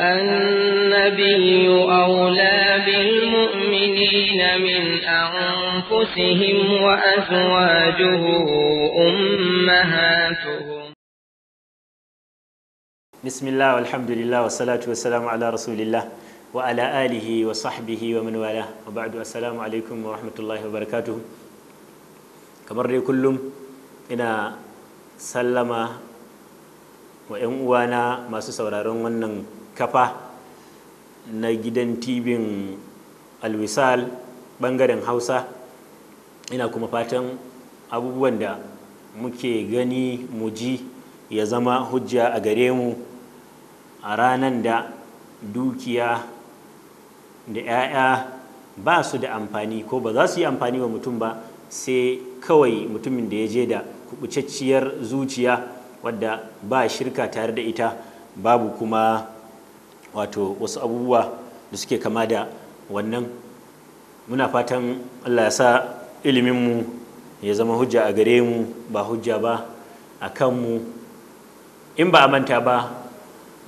النبي أولى بالمؤمنين من أنفسهم وأزواجه أمهاتهم بسم الله والحمد لله والصلاة والسلام على رسول الله وعلى آله وصحبه ومن والاه وبعد السلام عليكم ورحمة الله وبركاته كبر كلهم إنا سلم وإن وانا ما سوى wannan kafa na gidan tibin alwisal bangaren hausa ina kuma fatan abubuwan da muke gani mu ji ya zama hujja a gare mu a ranar da dukiya da 'ya'ya ba su da amfani ko ba za su yi amfani wa mutum ba sai kawai mutumin da ya je da kubucacciyar zuciya wadda ba shirka tare da ita babu kuma wato wasu abubuwa da suke kama da wannan muna fatan allah ya sa iliminmu ya zama hujja a gare mu ba hujja ba a kanmu in ba a manta ba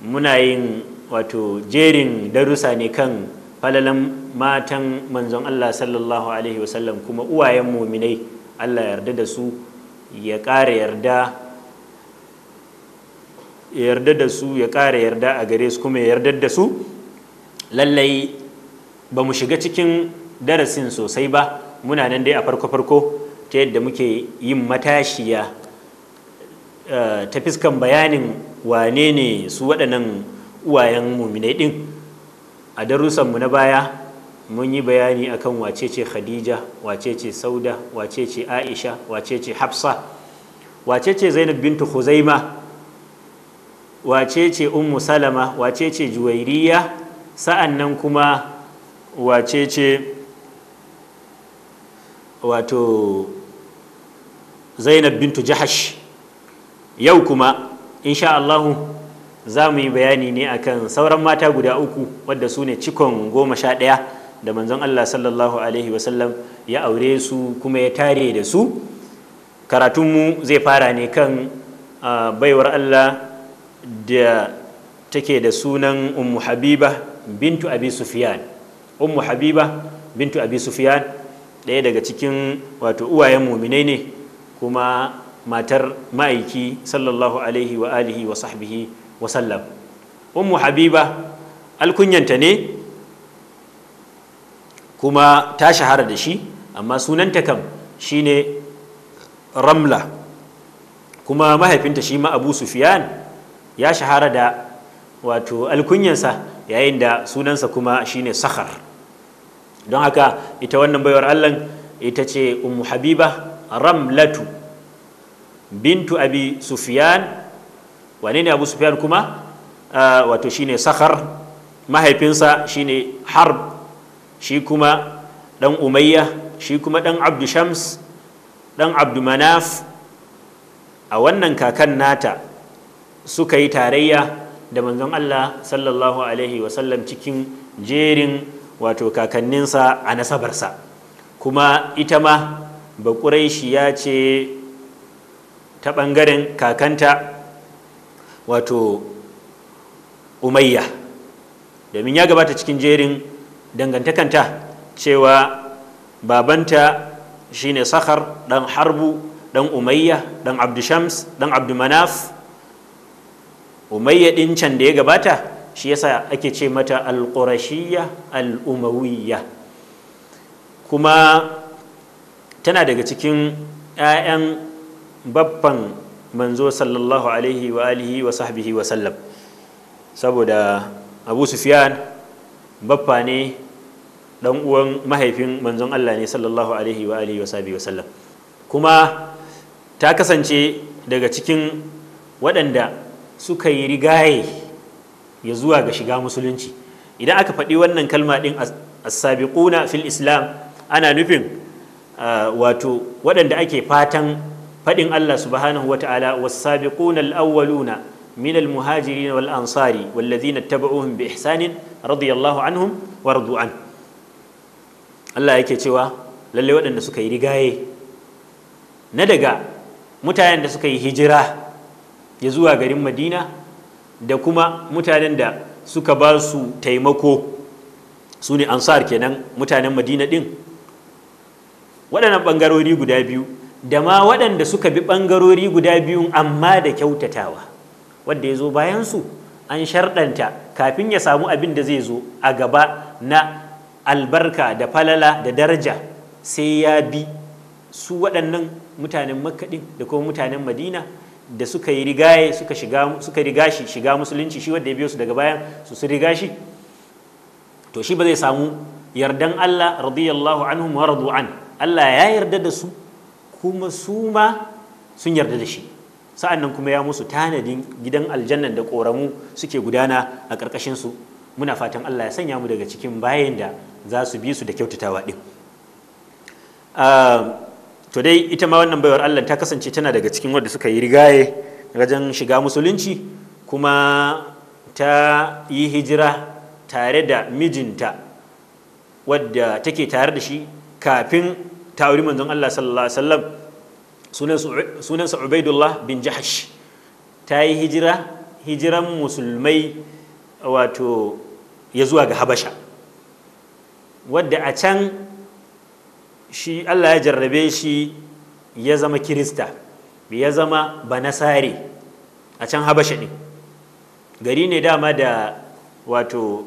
muna yin wato jerin darussa ne kan falalan matan manzon allah sallallahu alaihi wasallam kuma uwayen muminai allah yarda da su ya ƙara yarda ya yarda da su ya ƙara yarda a gare su kuma ya yarda da su lallai ba mu shiga cikin darasin sosai ba muna nan dai a farko-farko ta yadda muke yin matashiya eh, ta fiskan bayanin wane ne su waɗannan uwayen muminai ɗin a darussanmu na baya mun yi bayani akan wace ce khadija wace ce sauda wace ce aisha wace ce hafsa wace ce zainab bintu huzaima wace ce ummu salama wace ce juwairiya sa'an nan kuma wace ce wato zainab bintu jahash yau kuma insha Allahu za mu yi bayani ne akan sauran mata guda uku wadda su ne cikon goma sha ɗaya da manzon Allah sallallahu alaihi wasallam ya aure su kuma ya tare da su karatunmu zai fara ne kan ah, baiwar Allah da take da sunan ummu habiba bintu abi sufyan ummu habiba bintu abi sufyan ɗaya daga cikin wato uwayen muminai ne kuma matar ma'aiki sallallahu alaihi wa alihi wa sahbihi wa sallam ummu habiba alkunyanta ne kuma ta shahara da shi amma sunanta kam shine ramla kuma mahaifinta shi ma abu sufyan ya shahara da wato alkunyansa yayin da sunansa kuma shine sakhar don haka ita wannan baiwar allah ita ce ummu habiba ramlatu bintu abi sufyan wane ne abu sufyan kuma ah, wato shine sakhar mahaifinsa shine harb shi kuma dan umayya shi kuma dan abdu shams dan abdu manaf a wannan kakan nata suka yi tarayya da manzon Allah sallallahu alaihi wasallam cikin jerin wato kakanninsa a nasabarsa kuma ita ma shi ya ce ta ɓangaren kakanta wato umayya domin ya gabata cikin jerin dangantakanta cewa babanta shine sakhar ɗan harbu ɗan umayya dan abdushams ɗan abdumanaf umayya din can da ya gabata shi yasa ake ce mata al-qurashiyya al-umawiyya kuma tana daga cikin 'ya'yan babban manzo sallallahu alaihi wa alihi wa sahbihi wa sallam saboda abu sufyan baffa ne dan uwan mahaifin manzon Allah ne sallallahu alaihi wa alihi wa sahbihi wa sallam kuma ta kasance daga cikin waɗanda suka yi rigaye ya zuwa ga shiga musulunci idan aka faɗi wannan kalma ɗin as-sabiquna fil islam ana nufin ah, wato waɗanda ake fatan faɗin Allah subhanahu wa ta'ala was-sabiquna al-awwaluna min al-muhajirin wal ansari wallazina tabauhum bi ihsanin radiyallahu anhum wa radu an Allah yake cewa lalle waɗanda suka yi rigaye na daga mutanen da suka yi hijira ya zuwa garin madina da kuma mutanen da suka ba su taimako su ne ansar kenan mutanen madina din waɗannan ɓangarori guda biyu da ma waɗanda suka bi ɓangarori guda biyun amma da kyautatawa wanda ya zo bayansu an sharɗanta kafin ya samu abin da zai zo a gaba na albarka da falala da daraja sai ya bi su waɗannan mutanen makaɗin da kuma mutanen madina da suka yi rigaye suka shiga suka riga shi shiga musulunci shi wanda ya biyo su daga bayan su su riga shi to shi ba zai samu yardan Allah radiyallahu anhum wa radu an Allah ya yarda da su kuma su ma sun yarda da shi sa'annan kuma ya musu tanadin gidan aljannan da koramu suke gudana a ƙarƙashin su muna fatan Allah ya sanya mu daga cikin bayan da za su bi su da kyautatawa din ah, to dai ita ma wannan baiwar Allah ta kasance tana daga cikin wanda suka yi rigaye wajen shiga musulunci kuma ta yi hijira tare da mijinta wadda take tare da shi kafin ta auri manzon Allah sallallahu alaihi wasallam sunansa Ubaidullah bin Jahash ta yi hijira hijiran musulmai wato ya zuwa ga Habasha wadda a can shi Allah ya jarrabe shi ya zama kirista ya zama Sare a can habasha ne gari ne dama da wato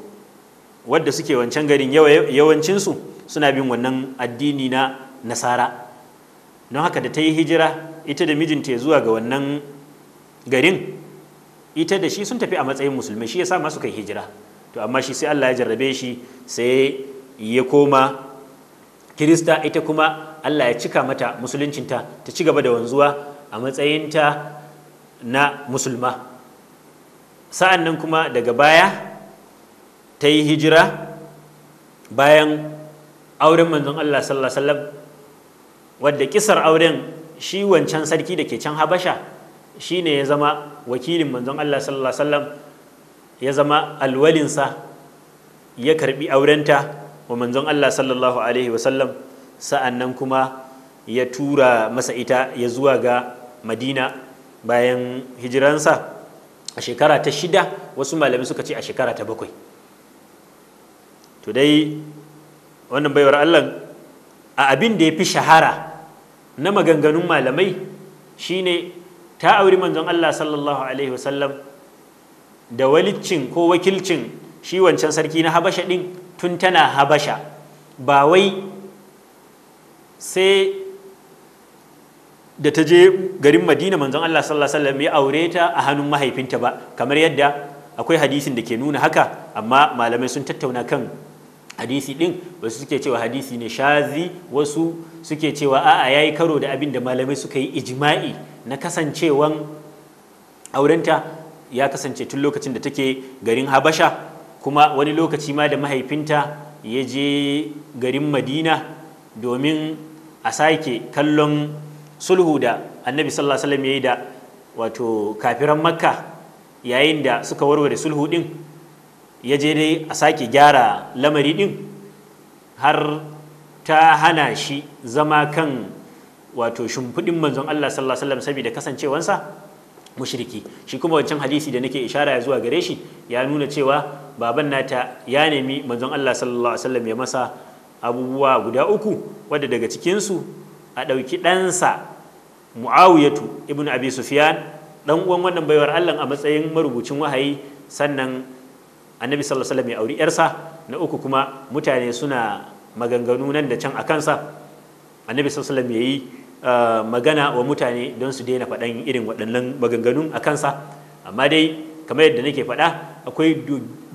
wadda suke wancan garin yawancinsu suna bin wannan addini na nasara don haka da ta yi hijira ita da mijinta zuwa ga wannan garin ita da shi sun tafi a matsayin musulmi shi ya sa masu kai hijira to amma shi sai Allah ya jarrabe shi sai ya koma kirista ita kuma allah ya cika mata musuluncinta ta ci gaba da wanzuwa a matsayinta na musulma sa'an nan kuma daga baya ta yi hijira bayan auren manzon allah sallallahu alaihi wasallam wadda kisar auren shi wancan sarki da ke can habasha shi ne ya zama wakilin manzon allah sallallahu alaihi wasallam ya zama alwalinsa ya karbi aurenta wa manzon Allah sallallahu alaihi wasallam sa'an nan kuma ya tura masa ita ya zuwa ga madina bayan hijiransa a shekara ta shida wasu malami suka ce a shekara ta bakwai to dai wannan baiwar Allah a abin da ya fi shahara na maganganun malamai shine ta auri manzon Allah sallallahu alaihi wasallam da walicin ko wakilcin shi wancan sarki na habasha ɗin tun tana habasha ba wai sai da ta je garin madina manzon Allah sallallahu alaihi wasallam ya aure ta a hannun mahaifinta ba kamar yadda akwai hadisin da ke nuna haka amma malamai sun tattauna kan hadisi din wasu suke cewa hadisi ne shazi wasu suke cewa a'a yayi karo da abin da malamai suka yi ijma'i na kasancewan aurenta ya kasance tun lokacin da take garin habasha kuma wani lokaci ma da mahaifinta ya je garin madina domin a sake kallon sulhu da annabi sallallahu alaihi wasallam ya yi da wato kafiran makka yayin da suka warware sulhu din ya je dai a sake gyara lamari din har ta hana shi zama kan wato shimfiɗin manzon Allah sallallahu alaihi wasallam saboda kasancewansa mushriki shi kuma wancan hadisi da nake ishara zuwa gare shi ya nuna cewa baban nata ya nemi manzon Allah sallallahu alaihi wasallam ya masa abubuwa guda uku wadda daga cikinsu a ɗauki ɗansa mu'awiyatu Ibn abi sufyan dan uwan wannan baiwar Allah a matsayin marubucin wahayi sannan annabi sallallahu alaihi wasallam ya auri yarsa na uku kuma mutane suna maganganu nan da can a kansa annabi sallallahu alaihi wasallam yayi eh, magana wa mutane don su daina faɗan irin waɗannan maganganun a kansa amma dai kamar yadda nake faɗa akwai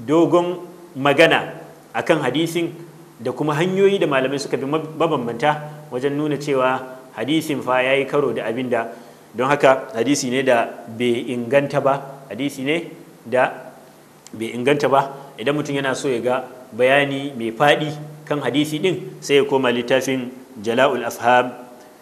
dogon magana akan hadisin da kuma hanyoyi da malamai suka bi mabambanta wajen nuna cewa hadisin fa ya yi karo da abin da don haka hadisi ne da bai inganta ba hadisi ne da bai inganta ba idan mutum yana so ya ga bayani mai faɗi kan hadisi ɗin sai ya koma littafin jala'ul afham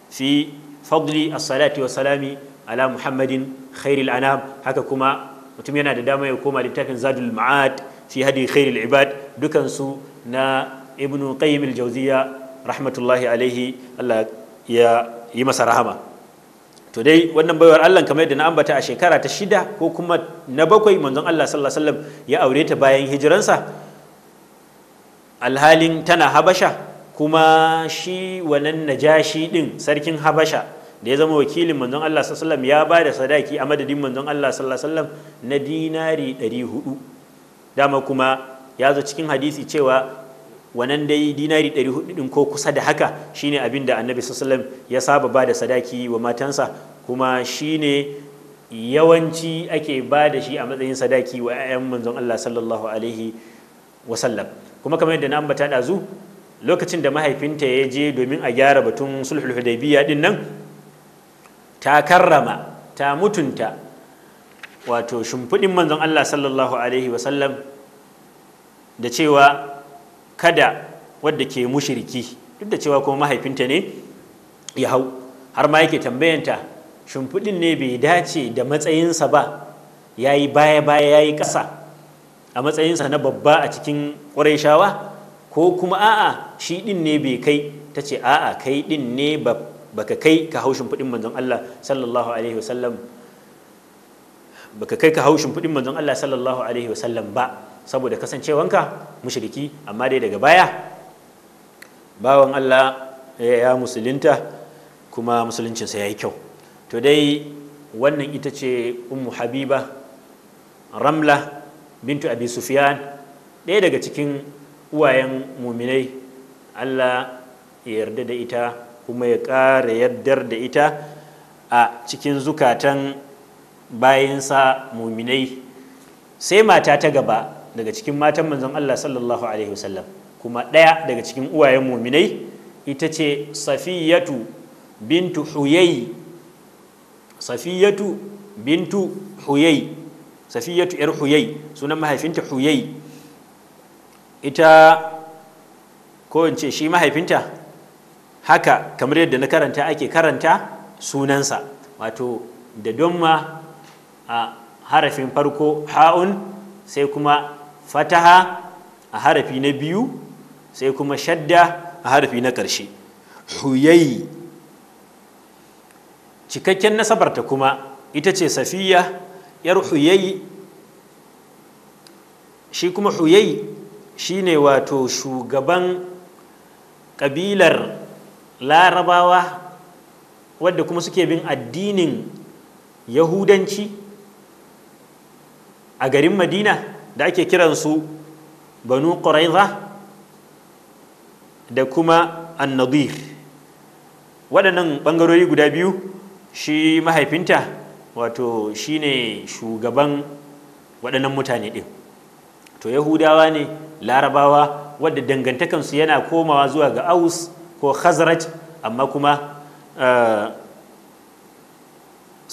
fi fadli asalati salati wa salami ala muhammadin khairil anam haka kuma mutum yana da dama ya koma littafin zadul ma'ad fi hadi khairul ibad dukan su na ibnu qayyim al-jawziya rahmatullahi alaihi Allah ya yi masa rahama to dai wannan baiwar Allah kamar yadda na ambata a shekara ta shida ko kuma na bakwai manzon Allah sallallahu alaihi wasallam ya aure ta bayan hijiransa alhalin tana habasha kuma shi wannan najashi din sarkin habasha da ya zama wakilin manzon Allah sallallahu alaihi ya ba da sadaki a madadin manzon Allah sallallahu alaihi na dinari 400 dama kuma ya zo cikin hadisi cewa wannan dai dinari 400 din ko kusa da haka shine abin da annabi sallallahu ya saba ba da sadaki wa matansa kuma shine yawanci ake ba da shi a matsayin sadaki wa 'ya'yan manzon Allah sallallahu alaihi wasallam kuma kamar yadda na ambata ɗazu lokacin da mahaifinta ya je domin a gyara batun sulhul hudaybiyya din nan ta karrama ta mutunta wato shimfiɗin manzon Allah sallallahu alaihi wasallam da cewa kada wadda ke mushirki duk da cewa kuma mahaifinta ne ya hau har ma yake tambayanta shimfiɗin ne bai dace da matsayinsa ba ya yi baya-baya ya yi ƙasa a matsayinsa na babba a cikin ƙwarai ko kuma a'a shi ɗin ne bai kai ta ce a'a kai ɗin ne babba baka kai ka haushin fudin manzon Allah sallallahu alaihi wasallam baka kai ka haushin fudin manzon Allah sallallahu alaihi wasallam ba saboda kasancewanka mushriki amma dai daga baya bawan Allah ya musulunta kuma musuluncinsa ya yi kyau to dai wannan ita ce ummu habiba ramla bintu abi sufyan ɗaya daga cikin uwayen muminai Allah ya yarda da ita kuma ya ƙara yaddar da ita a cikin zukatan bayansa muminai sai mata ta gaba daga cikin matan manzon Allah sallallahu alaihi wasallam kuma ɗaya daga cikin uwayen muminai ita ce safiyatu bintu huyayi safiyatu bintu huyayi safiyatu yar huyayi sunan mahaifinta huyayi ita ko in ce shi mahaifinta haka kamar yadda na karanta ake karanta sunansa wato da donma a harafin farko ha'un sai kuma fataha a harafi na biyu sai kuma shadda a harafi na ƙarshe huyayi cikakken nasabarta kuma ita ce safiya yar huyayi shi kuma huyayi ne wato shugaban ƙabilar larabawa wadda kuma suke bin addinin yahudanci a garin madina da ake kiransu banu ƙuraiza da kuma annadir waɗannan ɓangarori guda biyu shi mahaifinta wato shi ne shugaban waɗannan mutane ɗin to yahudawa ne larabawa wadda dangantakansu yana komawa zuwa ga aus ko khazraj amma kuma eh,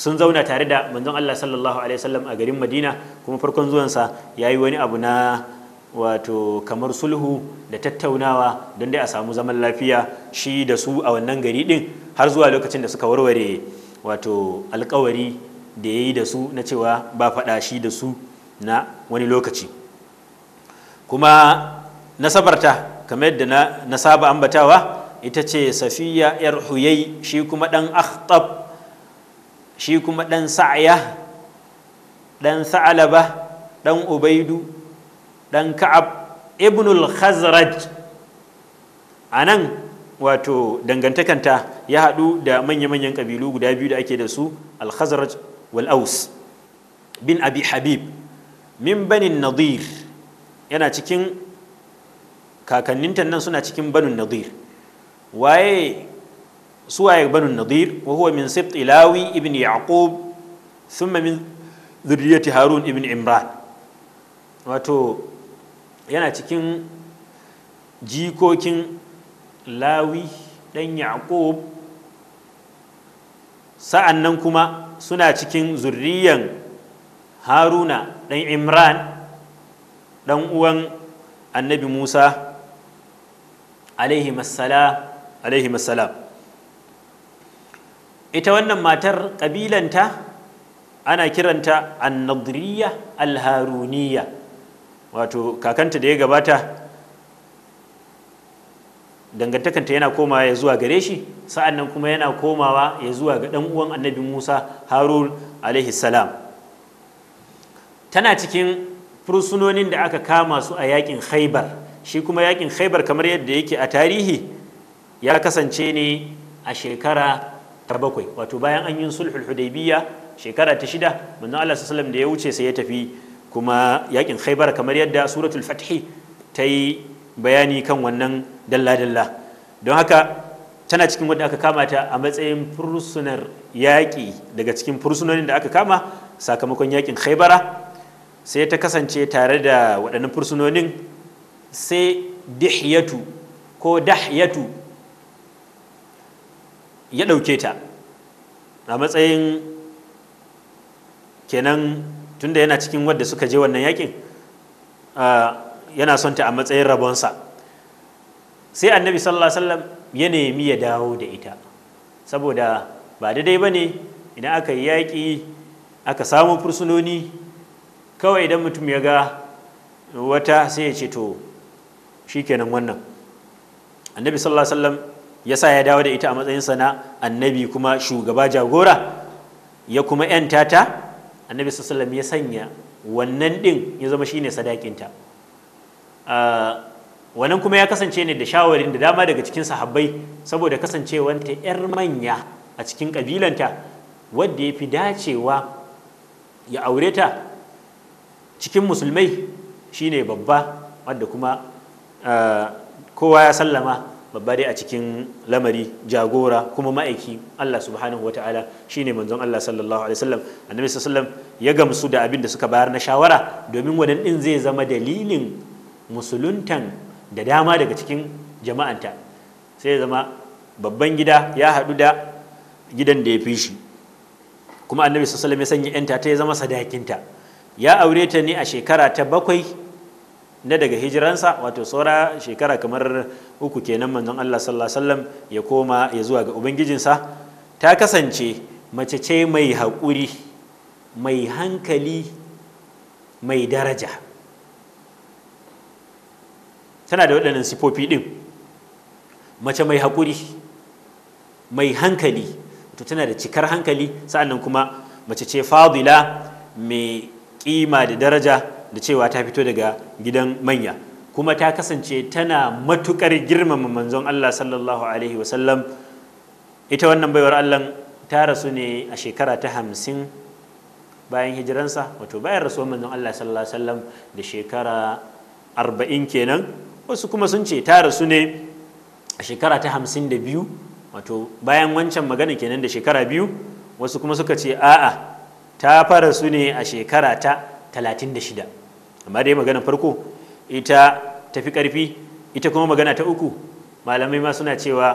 sun zauna tare da manzon Allah sallallahu alaihi wasallam a garin Madina kuma farkon zuwan zuwansa yayi wani abu na wato kamar sulhu da tattaunawa don dai a samu zaman lafiya shi da su a wannan gari din har zuwa lokacin da suka warware wato alkawari da ya yi da su na cewa ba faɗa shi da su na wani lokaci kuma nasabarta kamar yadda na saba ambatawa ita ce safiya yar huyai shi kuma ɗan akhtab shi kuma ɗan sa'ya ɗan sa'alaba ɗan ubaidu ɗan ka'ab ibnul khazraj a nan wato dangantakanta ya haɗu da manya-manyan ƙabilu guda biyu da ake da su al-khazraj wal-aus bin abi habib min banin nadir yana cikin kakanninta nan suna cikin banin nadir waye suwaye banu nadir wa huwa min sibt ilawi ibn yaqub thumma min dhurriyyati harun ibn imran wato yana cikin jikokin lawi dan yaqub sa'annan kuma suna cikin zurriyan haruna dan imran dan uwan annabi musa alaihi masala alaihi ita wannan matar ƙabilanta ana kiranta annadriya alharuniya wato kakanta da ya gabata dangantakanta yana komawa ya zuwa gare shi sa'an nan kuma yana komawa ya zuwa ga ɗan uwan annabi musa harun alaihi salam tana cikin fursunonin da aka kama su a yakin haibar shi kuma yakin haibar kamar yadda yake a tarihi ya kasance ne a shekara ta bakwai wato bayan an yi sulhul hudaybiyya shekara ta shida manzon Allah sallallahu da ya wuce sai ya tafi kuma yakin khaybar kamar yadda suratul fathi ta yi bayani kan wannan dalla dalla don haka tana cikin wanda aka kama ta a matsayin fursunar yaƙi daga cikin fursunonin da aka kama sakamakon yaƙin khaibara sai ta kasance tare da waɗannan fursunonin sai dihyatu ko dahyatu ya ɗauke ta a matsayin kenan tunda yana cikin wadda suka je wannan yakin yana son ta a matsayin rabonsa sai annabi sallallahu alaihi wasallam ya nemi ya dawo da ita saboda ba daidai ba ne idan aka yi yaƙi aka samu fursunoni kawai idan mutum ya ga wata sai ya ce to shi kenan wannan annabi sallallahu alaihi wasallam ya sa ya dawo da ita a matsayinsa na annabi kuma shugaba jagora ya kuma yanta ta annabi sallallahu ya sanya wannan din ya zama shine sadakinta wannan kuma ya kasance ne da shawarin da dama daga cikin sahabbai saboda kasancewanta yar manya a cikin kabilanta wadda ya fi dacewa ya aure ta cikin musulmai shine babba wadda kuma kowa ya sallama babba dai a cikin lamari jagora kuma ma'aiki Allah subhanahu wataala shine manzon Allah sallallahu alaihi wasallam annabi sallallahu ya gamsu da abin da suka bayar na shawara domin wannan din zai zama dalilin musuluntan da dama daga cikin jama'anta sai ya zama babban gida ya haɗu da gidan da ya fi shi kuma annabi sallallahu ya sanya yanta ta ya zama sadakinta ya aure ta ne a shekara ta bakwai na daga hijiransa wato tsora shekara kamar uku kenan manzon Allah sallallahu alaihi wasallam ya koma ya zuwa ga ubangijinsa ta kasance mace ce mai haƙuri mai hankali mai daraja tana da waɗannan sifofi ɗin mace mai haƙuri mai hankali to tana da cikar hankali sa'annan kuma mace ce fadila mai ƙima da daraja da cewa ta fito daga gidan manya kuma ta kasance tana matukar girmama manzon Allah sallallahu alaihi wasallam ita wannan baiwar Allah ta rasu ne a shekara ta hamsin bayan hijiransa wato bayan rasuwar manzon Allah sallallahu alaihi wasallam da shekara arba'in kenan wasu kuma sun ce ta rasu ne a shekara ta hamsin da biyu wato bayan wancan magana kenan da shekara biyu wasu kuma suka ce a'a ta fara su ne a shekara ta talatin da shida amma dai magana farko ita tafi karfi ita kuma magana ta uku malamai ma suna cewa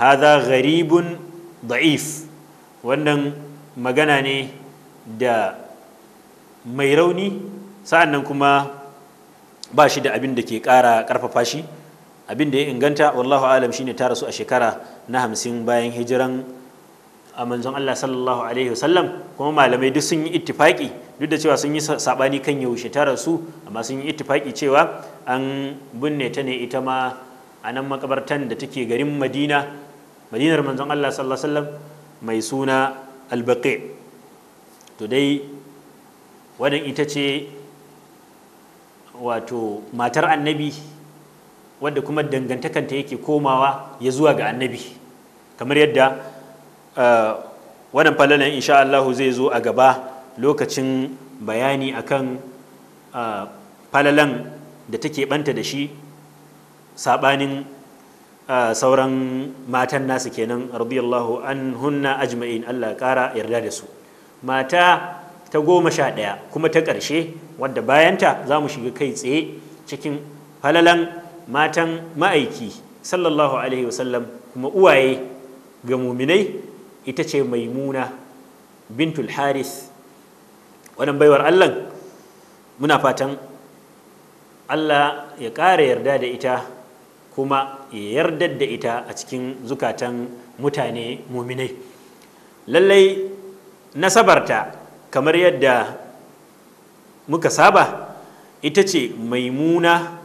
haza gharibun da'if wannan magana ne da mai rauni sa'an nan kuma ba shi da abin da ke ƙara ƙarfafa shi abin da ya inganta wallahu alam shine ta rasu a shekara na hamsin bayan hijiran a manzon Allah sallallahu alaihi wasallam kuma malamai duk sun yi ittifaki duk da cewa sun yi sabani kan yaushe ta rasu amma sun yi ittifaki cewa an binne ta ne ita ma a nan makabartan da take garin madina madinar manzon allah sallallahu alaihi wasallam mai suna albaqi to dai wannan ita ce wato matar annabi wadda kuma dangantakanta yake komawa ya zuwa ga annabi kamar yadda eh, wannan falalan insha Allah zai zo a gaba lokacin bayani akan falalan da take banta da shi saɓanin sauran matan nasu kenan radiyallahu hunna ajma'in Allah kara yarda da su mata ta goma sha ɗaya kuma ta ƙarshe wadda bayanta za mu shiga kai tsaye cikin falalan matan ma'aiki sallallahu alaihi wasallam kuma uwaye ga muminai ita ce maimuna bintul haris wannan baiwar Allah muna fatan Allah ya ƙara yarda da ita kuma ya yarda da ita a cikin zukatan mutane muminai lallai nasabarta kamar yadda muka saba ita ce maimuna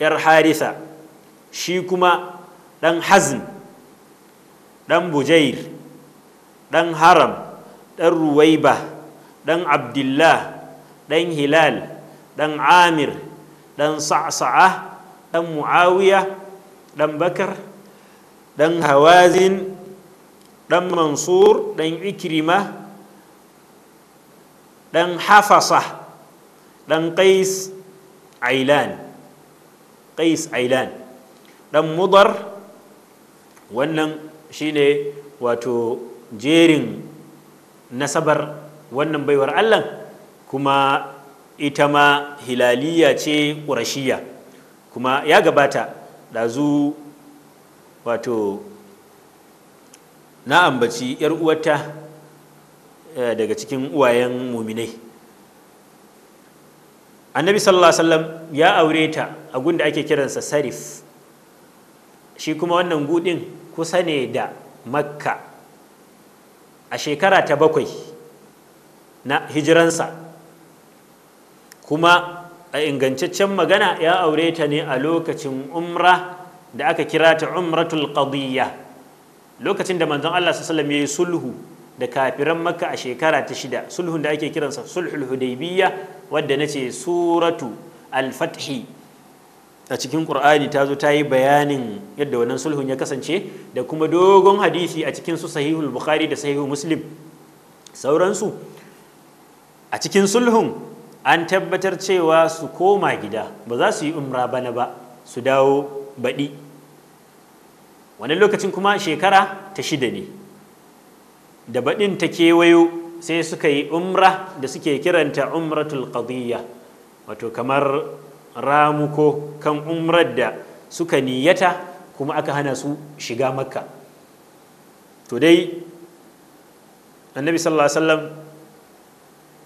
'yar harisa shi kuma ɗan hazin ɗan bujair ɗan haram ɗan ruwaiba ɗan abdullah ɗan hilal ɗan amir ɗan sa'sa'a ɗan mu'awiya ɗan bakar ɗan hawazin ɗan mansur ɗan ikirima ɗan hafasa ɗan qais ailan qais ailan ɗan mudar wannan shine wato jerin nasabar wannan baiwar Allah kuma ita ma hilaliya ce ƙurashiya kuma ya gabata ɗazu wato na ambaci ‘yar uwata eh, daga cikin uwayen muminai annabi sallallahu alaihi wasallam ya aure ta a gunda ake kiransa sarif shi kuma wannan gudin kusa ne da makka a shekara ta bakwai na hijiransa kuma a ingancaccen magana ya aure ta ne a lokacin umra da aka kira ta umratul qadiyya lokacin da manzon Allah sallallahu alaihi sulhu da kafiran makka a shekara ta shida sulhun da ake kiransa sulhul hudaybiyya wadda nace suratu al fath a cikin qur'ani tazo ta yi bayanin yadda wannan sulhun ya kasance da kuma dogon hadisi a cikin su sahihul bukhari da sahihul muslim sauransu a cikin sulhun an tabbatar cewa su koma gida ba za su yi umra bana ba su dawo baɗi wani lokacin kuma shekara ta shida ne da baɗin ta kewayo sai suka yi umra da suke kiranta umratul qadiyya wato kamar ramuko kan umrar da suka niyata kuma aka hana su shiga makka to dai annabi sallallahu alaihi wasallam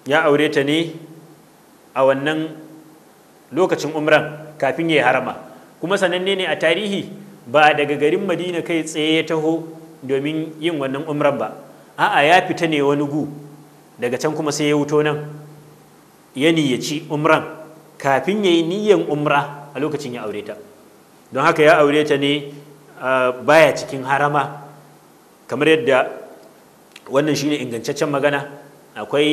ya aure ta ne a wannan lokacin umran kafin ya yi harama kuma sananne ne a tarihi ba daga garin madina kai tsaye ya taho domin yin wannan umran ba a'a ya fita ne wani gu daga can kuma sai ya wuto nan ya niyyaci umran kafin ya yi niyyan umra a lokacin ya aure ta don haka ya aure ta ne baya cikin harama kamar yadda wannan shine ingantaccen magana akwai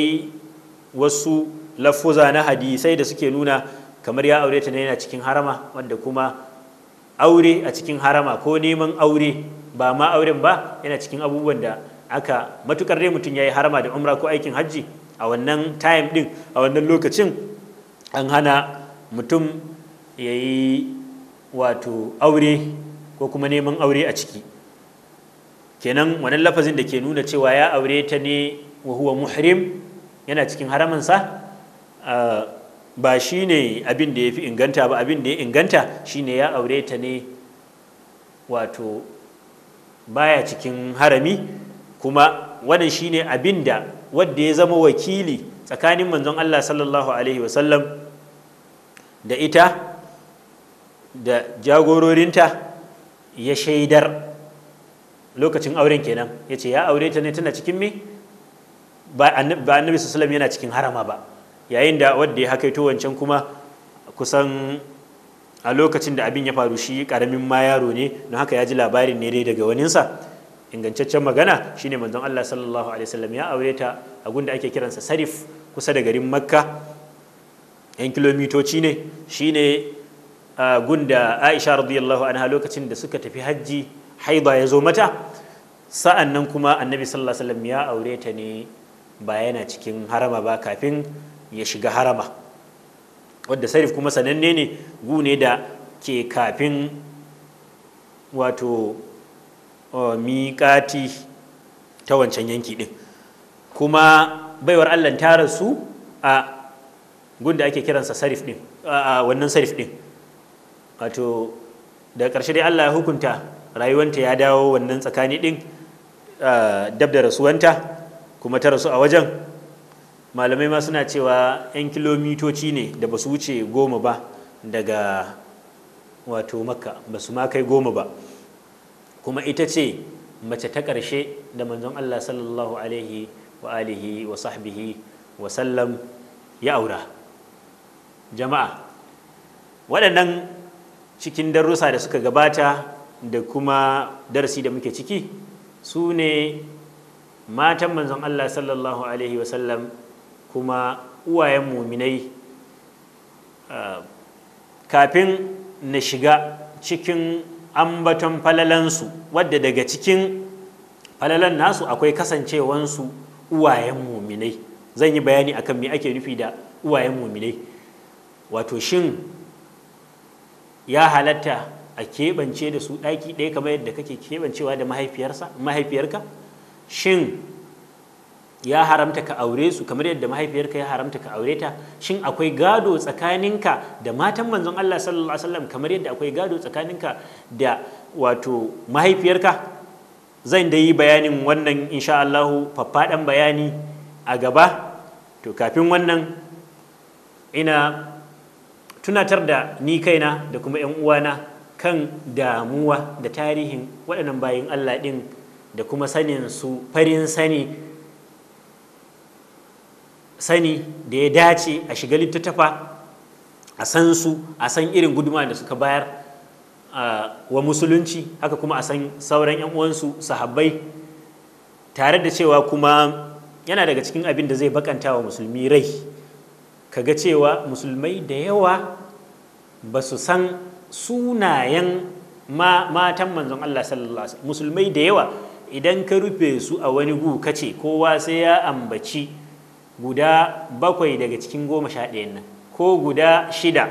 wasu lafuza na hadisai da suke nuna kamar ya aure ta ne yana cikin harama wanda kuma aure a cikin harama ko neman aure ba ma auren ba yana cikin abubuwan da aka matukar dai mutum ya yi harama da umra ko aikin hajji a wannan time din a wannan lokacin an hana mutum ya yi wato aure ko kuma neman aure a ciki kenan wannan lafazin da ke nuna cewa ya aure ta ne wa muhrim yana cikin sa ah, ba shi ne abin da ya fi inganta ba abin da ya inganta shi ne ya aure ta ne wato baya cikin harami kuma wannan shi ne abin da wadda ya zama wakili tsakanin manzon Allah sallallahu Alaihi wasallam da ita da jagororinta ya shaidar lokacin auren kenan ya ce ya aure ta ne tana cikin me ba annabi sallallahu yana cikin harama ba yayin da wanda ya hakaito wancan kuma kusan a lokacin da abin ya faru shi karamin ma yaro ne don haka ya ji labarin ne dai daga waninsa ingantaccen magana shine manzon Allah sallallahu alaihi wasallam ya aure ta a gunda ake kiransa Sarif kusa da garin Makka yan kilomitoci ne shine gunda Aisha radiyallahu anha lokacin da suka tafi hajji haida ya zo mata sa'an nan kuma annabi sallallahu alaihi wasallam ya aure ta ne ba yana cikin harama ba kafin ya shiga harama wadda sarif kuma sananne ne gu ne da ke kafin wato uh, miƙati ta wancan yanki ɗin kuma baiwar allah ta rasu a gun da ake kiransa sarif ɗin a wannan sarif ɗin wato da ƙarshe dai allah ya hukunta rayuwanta ya dawo wannan tsakani ɗin uh, dab da rasuwanta kuma ta rasu a wajen malamai ma suna cewa 'yan kilomitoci ne da ba su wuce goma ba daga wato makka ba su ma kai goma ba kuma ita ce mace ta ƙarshe da manzon allah sallallahu alaihi wa alihi wa sahbihi wa sallam ya aura jama'a waɗannan cikin darussa da suka gabata da kuma darasi da muke ciki su ne matan manzon Allah sallallahu alaihi wasallam kuma uwayen muminai uh, kafin na shiga cikin ambaton falalansu wadda daga cikin falalan nasu akwai kasancewansu uwayen muminai zan yi bayani akan me ake nufi da uwayen muminai wato shin ya halatta a keɓance da su ɗaki ɗaya kamar yadda kake keɓancewa da mahaifiyarka shin ya haramta ka aure su kamar yadda mahaifiyarka ya haramta ka aure ta shin akwai gado tsakaninka da matan manzon Allah sallallahu alaihi wasallam kamar yadda akwai gado tsakaninka da wato mahaifiyarka zan da yi bayanin wannan insha Allah faffaɗan bayani a gaba to kafin wannan ina tunatar da ni kaina da kuma ƴan uwana kan damuwa da tarihin waɗannan bayin Allah ɗin da kuma sanin su farin sani sani da ya dace a shiga littattafa a san su a san irin guduma da suka bayar wa musulunci haka kuma a san sauran 'yan uwansu sahabbai tare da cewa kuma yana daga cikin abin da zai bakanta wa musulmi rai kaga cewa musulmai da yawa ba su san sunayen matan manzon Allah sallallahu alaihi musulmai da yawa idan ka rufe su a wani gu ka ce kowa sai ya ambaci guda bakwai daga cikin goma sha ɗayan nan ko guda shida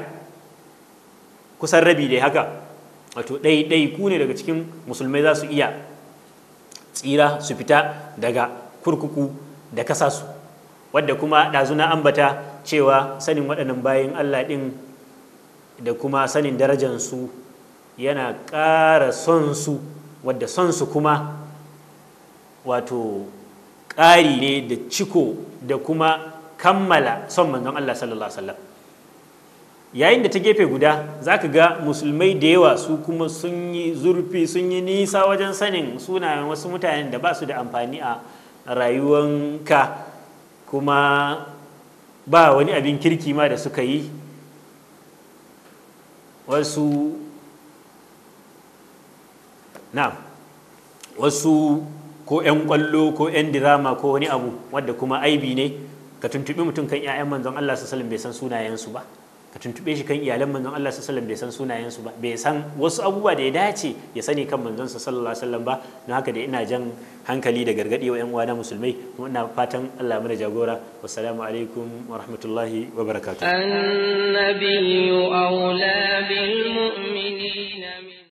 kusan rabi dai haka wato ɗaiɗai ku ne daga cikin musulmai za su iya tsira su fita daga kurkuku da kasa su wadda kuma na ambata cewa sanin waɗannan bayan allah ɗin da kuma sanin darajansu yana ƙara son su wadda son su kuma wato ƙari ne da ciko da kuma kammala son manzon Allah sallallahu wasallam yayin da ta gefe guda za ka ga musulmai da yawa su kuma sun yi zurfi sun yi nisa wajen sanin sunayen wasu mutanen da ba su da amfani a rayuwanka kuma ba wani abin kirki ma da suka yi wasu na wasu ko 'yan kwallo ko 'yan dirama ko wani abu wadda kuma aibi ne ka tuntuɓi mutum kan 'ya'yan manzon Allah sallallahu bai san sunayensu ba ka tuntuɓe shi kan iyalan manzon Allah sallallahu bai san sunayensu ba bai san wasu abubuwa da ya dace ya sani kan manzon sallallahu alaihi wasallam ba na haka da ina jan hankali da gargaɗi wa 'yan uwana musulmai kuma ina fatan Allah mana jagora wassalamu alaikum wa rahmatullahi wa barakatuh annabiyyu aula bil mu'minina